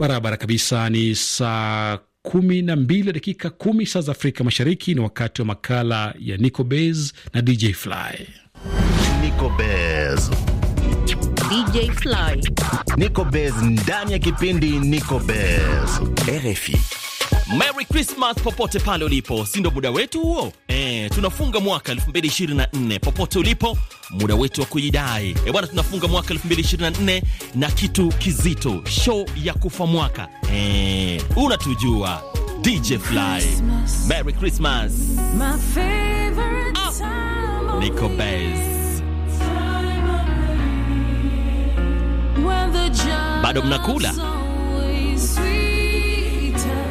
Barabara kabisa ni saa kumi na mbili dakika kumi saa za Afrika Mashariki. Ni wakati wa makala ya Nico Bez na DJ Fly. Nico Bez. DJ Fly. Nico Bez ndani ya kipindi Nico Bez. RFI. Merry Christmas popote pale ulipo, si ndo muda wetu huo? E, tunafunga mwaka 2024 popote ulipo, muda wetu wa kujidai. E bwana, tunafunga mwaka 2024 na kitu kizito, show ya kufa mwaka. E, unatujua DJ Fly. Merry Christmas. My favorite ah! time Nico Bez. Bado mnakula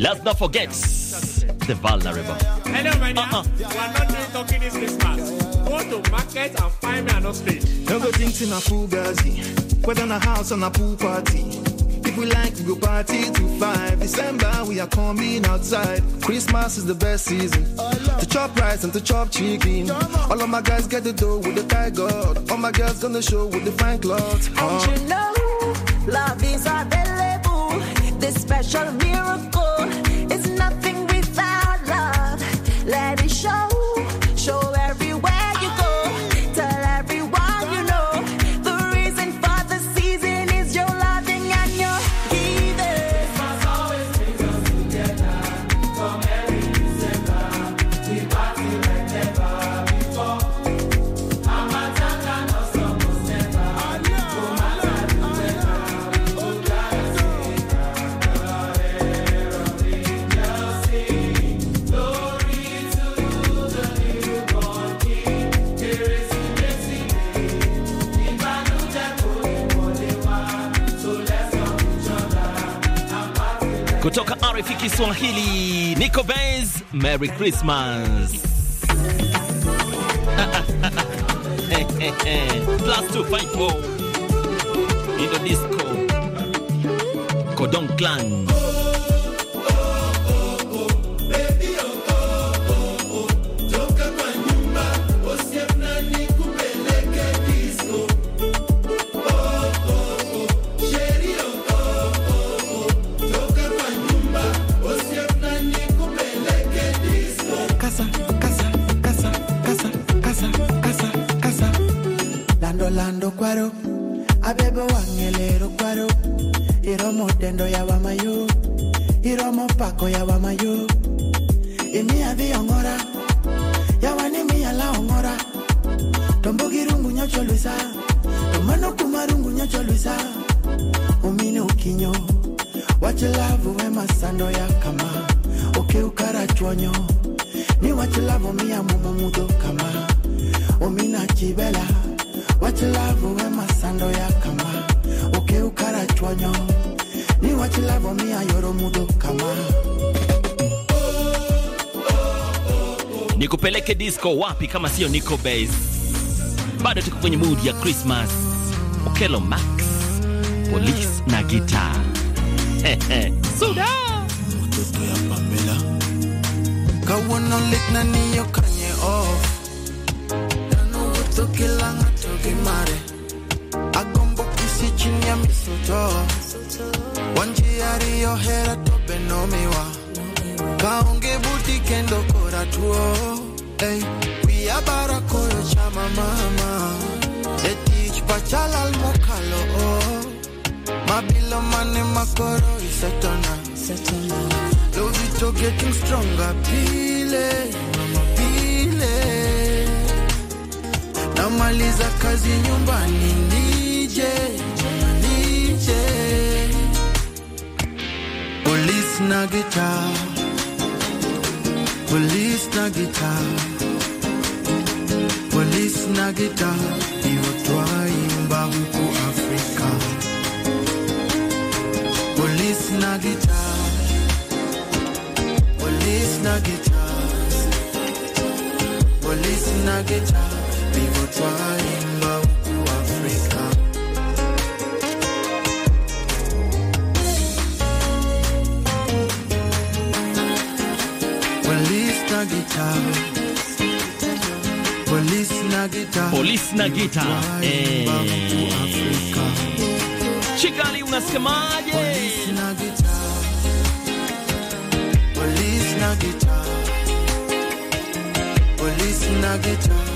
Let's not forget the vulnerable. Hello, my dear. Uh-uh. We are not doing talking this Christmas. Go to market and find me another Don't go drinking a a we Whether in a house or a pool party. If we like, we go party to five. December, we are coming outside. Christmas is the best season to chop rice and to chop chicken. All of my guys get the dough with the tiger. All my girls gonna show with the fine clothes. Uh. And you uh. know, love is our best this special miracle. kutoka RFI Kiswahili. Nico Bez, Merry Christmas. Plus 254 in the disco Codon Clan Orlando kwaro abebe wangelero kwaro iromo tendo ya wamayo iromo pako ya wamayo imi adhi ong'ora yawani miyala ong'ora tombogi rungu nyocho lwisa tomano kuma rungu nyocho lwisa umine ukinyo wachilavu we ya kama ukiukara chwonyo ni wachilavu miya mumomudho kama umina chibela wachilavu we masando yakama ukeukara chwanyo ni wachilavu mia yoro mudo kama nikupeleke disco wapi kama sio Niko Base? Bado tuko kwenye mood ya Christmas. Okelo Max, Police na gita suda mtoto ya Pamela kawona lekna niyo kanye off nanu wutokilanga mare agombo kisi chini ya misuto wanjiari ohera tope nomiwa kaonge buti kendo hey, chama mama mabilo mane makoro isetona lovito getting stronger pile nikimaliza kazi nyumbani nije nije police na guitar police na guitar police na guitar iwo twaimba huku Afrika police na guitar police na guitar police na guitar utaimba huku Afrika. Polisi na gita eh. Chigali, unasemaje? Polisi na gita, polisi na gita, polisi na gita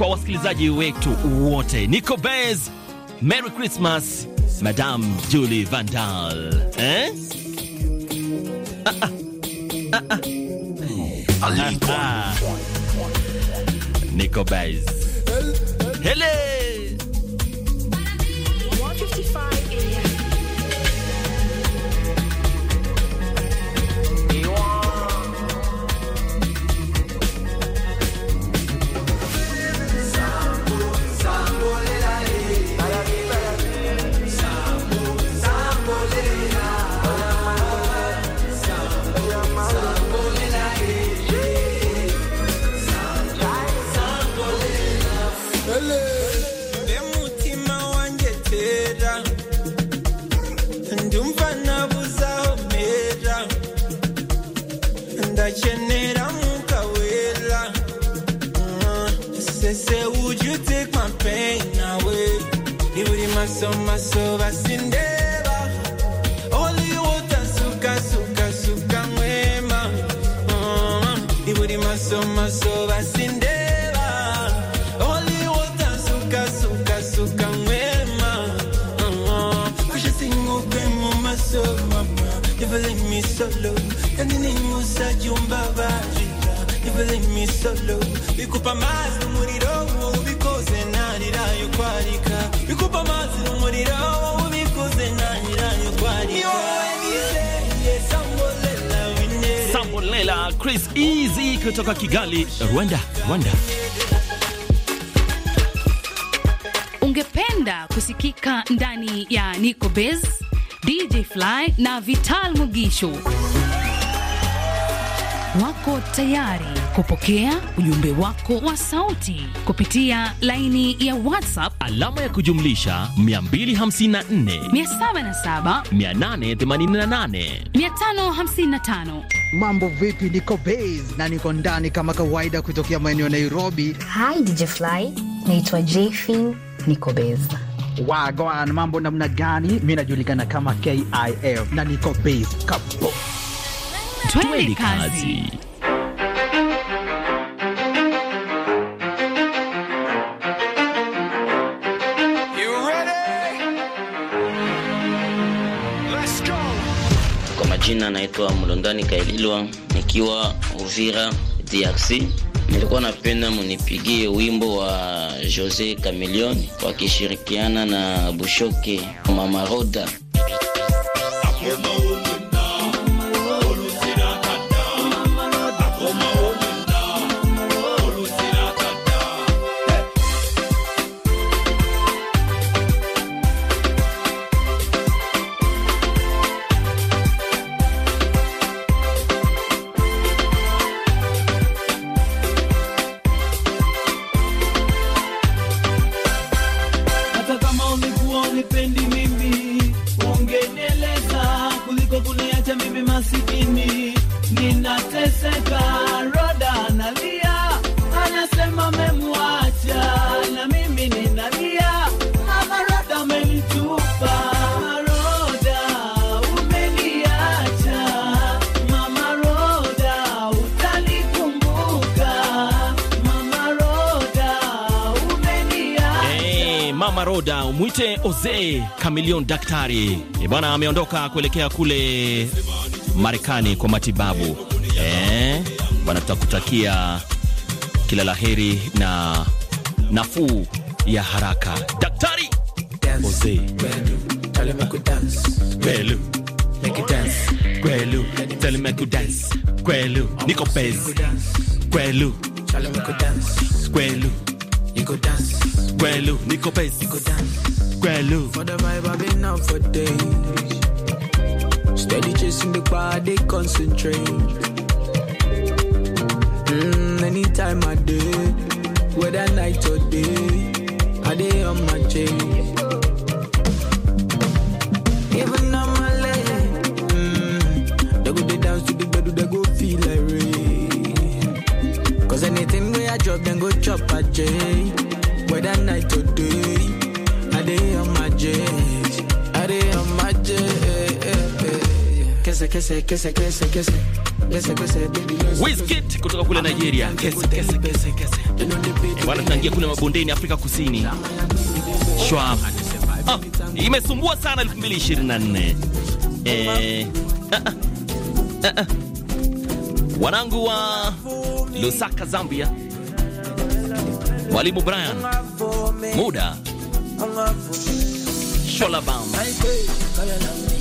kwa wasikilizaji wetu wote. Nico Bez, Merry Christmas Madam Julie Vandal eh? ah, ah. Ah, ah. Ah, ah. Nico Bez hele Insomma sova sindeva Oli wota suka suka suka mwema Iburi masoma sova sindeva Oli wota suka suka suka mwema Kusha singu kwemo masoma Never let me solo Kanini musa jumba Never let me solo Vikupa más no Sambolela Chris Easy kutoka Kigali, Rwanda, Rwanda. Ungependa kusikika ndani ya Nico Bez, DJ Fly na Vital Mugisho wako tayari kupokea ujumbe wako wa sauti kupitia laini ya WhatsApp alama ya kujumlisha 254 77 Mambo vipi? Niko base na niko ndani kama kawaida kutokea maeneo ya Nairobi. Hi DJ Fly, naitwa Jefin, niko base wagwan. Mambo namna gani? Mi najulikana kama KIF na niko base kapo. Twende kazi. Kwa majina naitwa Mlondani Kaililwa nikiwa Uvira DRC. Nilikuwa napenda munipigie wimbo wa Jose camelion wakishirikiana na Bushoke Mama Roda. hunipendi mimi, ungeneleza kuliko kuniacha mimi masikini, ninateseka mwite Oze Kamilion daktari e bwana ameondoka kuelekea kule Marekani kwa matibabu E, bwana tutakutakia kila laheri na nafuu ya haraka daktari Oze niko pez Quello, Nico Pace, Nico Dan, Quello. For the vibe I've been out for days. Steady chasing the body, concentrate. Mm, anytime I do, whether night or day, I day on my chain. Even on my leg, mm, they go they dance to the bed, they go feel like rain. Cause anything we I drop, then go chop a chain. kese kese kese kese kese kese kese baby Wizkid kutoka kule Nigeria kese kese kese kese bwana tunaingia kule mabondeni Afrika Kusini Shwa ah, imesumbua sana 2024 eh ah ah, ah, ah, wanangu wa Lusaka Zambia Mwalimu Brian muda Sholabam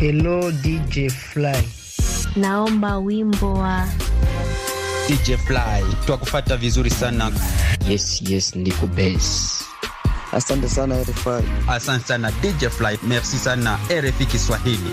Hello DJ Fly, naomba wimbo wa DJ Fly. Twakufata vizuri sana. Yes, yes, ndiko base. Asante sana RFI. Asante sana DJ Fly. Merci sana RFI Kiswahili.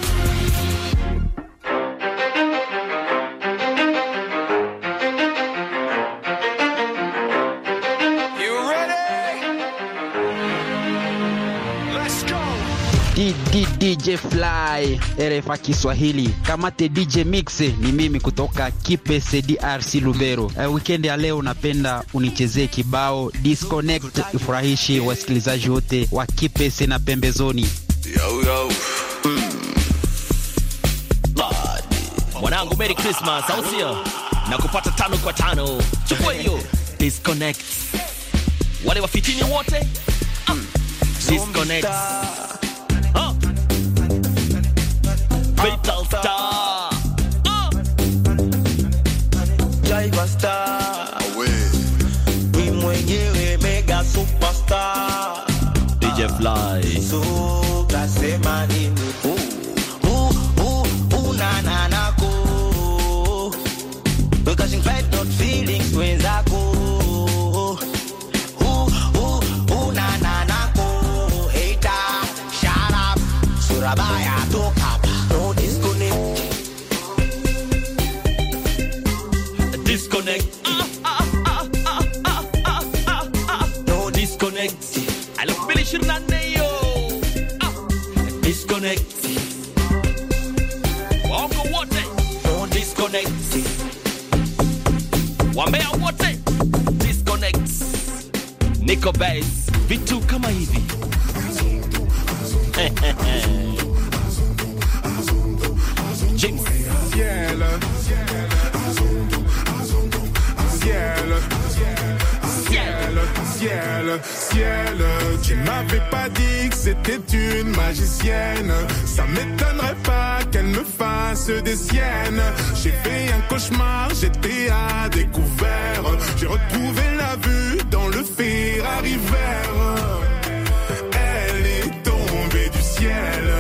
DJ Fly RFA Kiswahili, kamate DJ Mix. Ni mimi kutoka Kipese, DRC, Lubero. Uh, weekend ya leo napenda unichezee kibao disconnect, ifurahishi wasikilizaji wote wa Kipese na pembezoni. Yau, yau. Hmm. Mwanangu, Merry Christmas, au sio? Na tano kwa tano, chukua hiyo disconnect, wale wafitini wote hmm. disconnect Vital star. Jaiva star. Ni mwenyewe mega superstar. DJ Fly. So wote disconnects niko bass vitu kama hivi James Ciel ciel, ciel, ciel. Tu m'avais pas dit que c'était une magicienne. Ça m'étonnerait pas qu'elle me fasse des siennes. J'ai fait un cauchemar, j'étais à découvert. J'ai retrouvé la vue dans le Ferrari vert. Elle est tombée du ciel.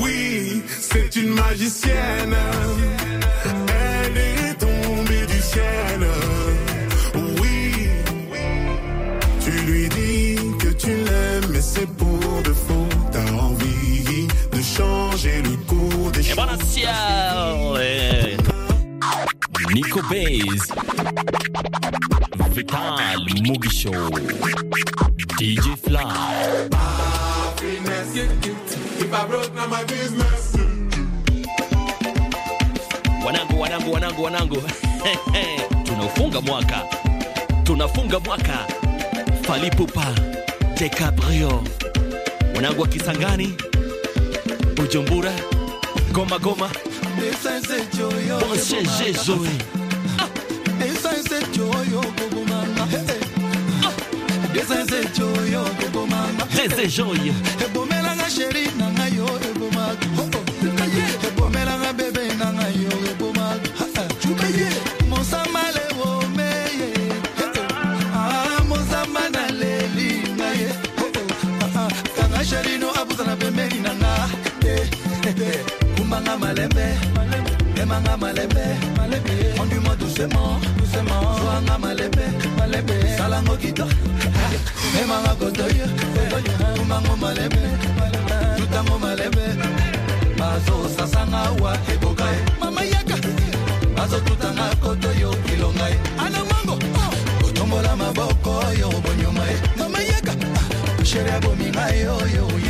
Oui, c'est une magicienne. Buonasera. Nico Bays, Vital Mugisho, DJ Fly. Wanangu, wanangu, wanangu, wanangu, tunafunga mwaka, tunafunga mwaka. Falipupa de cabrio wanangu wa Kisangani, Bujumbura goma goma osheje zoe sheri na ngai yo ebomaka ebomelanga bebe na ngai malembe, emanga malembe, malembe. Conduis-moi doucement, malembe, malembe. Salango kita, emanga kotoyo, kumango malembe, tutango malembe. Bazo sasanga wa ebokai, mama yaka. Bazo tutanga kotoyo kilongai. Anamango, oh. Otombola maboko yo bonyumai, mama yaka. Ah. Sheria bomingai yo yo.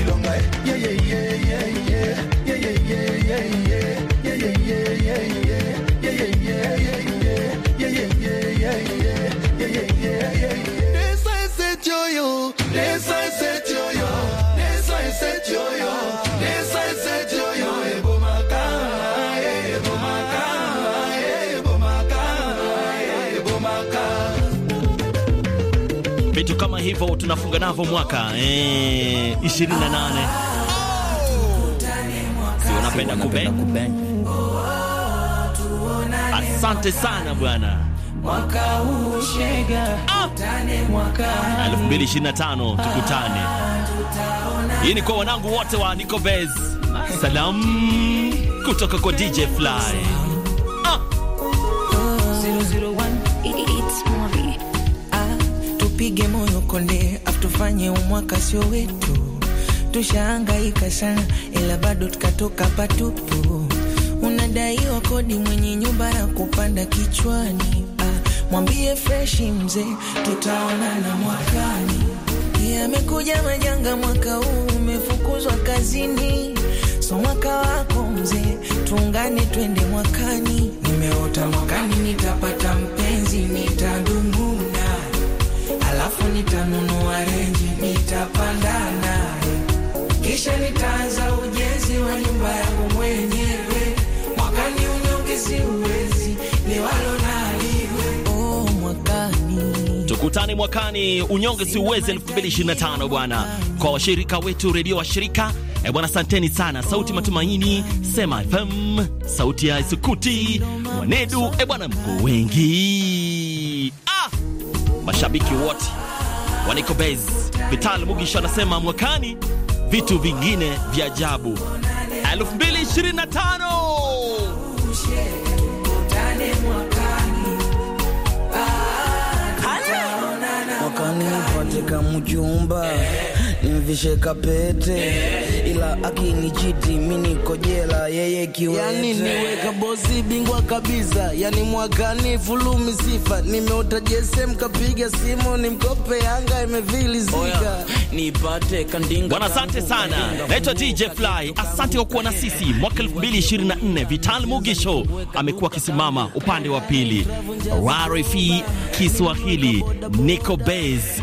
Vitu kama hivyo tunafunga navyo mwaka eh, 28 unapenda kubeng. Asante sana bwana mwaka huu Shega, tutane ah! mwaka 2025 tukutane. Hii ni kwa wanangu wote wa Niko Base, salam kutoka kwa DJ Fly ah! ah, tupige moyo konde, atufanye umwaka sio wetu, tushaangaika sana ila bado tukatoka patupu, unadaiwa kodi mwenye nyumba ya kupanda kichwani mwambie freshi mzee, tutaonana mwakani. Yamekuja majanga, mwaka huu umefukuzwa kazini, so mwaka wako mzee, tuungane twende mwakani. Nimeota mwakani nitapata mpenzi tukutane mwakani, unyonge si uweze 2025 bwana. Kwa washirika wetu redio washirika e bwana, asanteni sana. Sauti Matumaini, Sema FM, Sauti ya Isukuti, Mwanedu e bwana, mko wengi ah! mashabiki wote waniko base. Vital Mugisha anasema mwakani vitu vingine vya ajabu 2025 Nataka mjumba nimvishe kapete, ila akinichiti mimi mini kojela yeye kiwete. Yani niweka bosi bingwa kabisa, yani mwakani fulumi sifa. Nimeota jesem kapiga simu nimkope, Yanga imevilizika nipate kandinga. Bwana, asante sana. Naitwa DJ Fly, asante kwa kuwa na sisi mwaka 2024. Vital Mugisho amekuwa akisimama upande wa pili, RFI e Kiswahili, Niko Base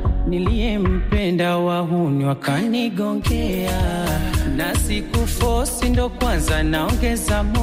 niliyempenda wahuni wakanigongea, na sikufosi ndo kwanza naongeza moyo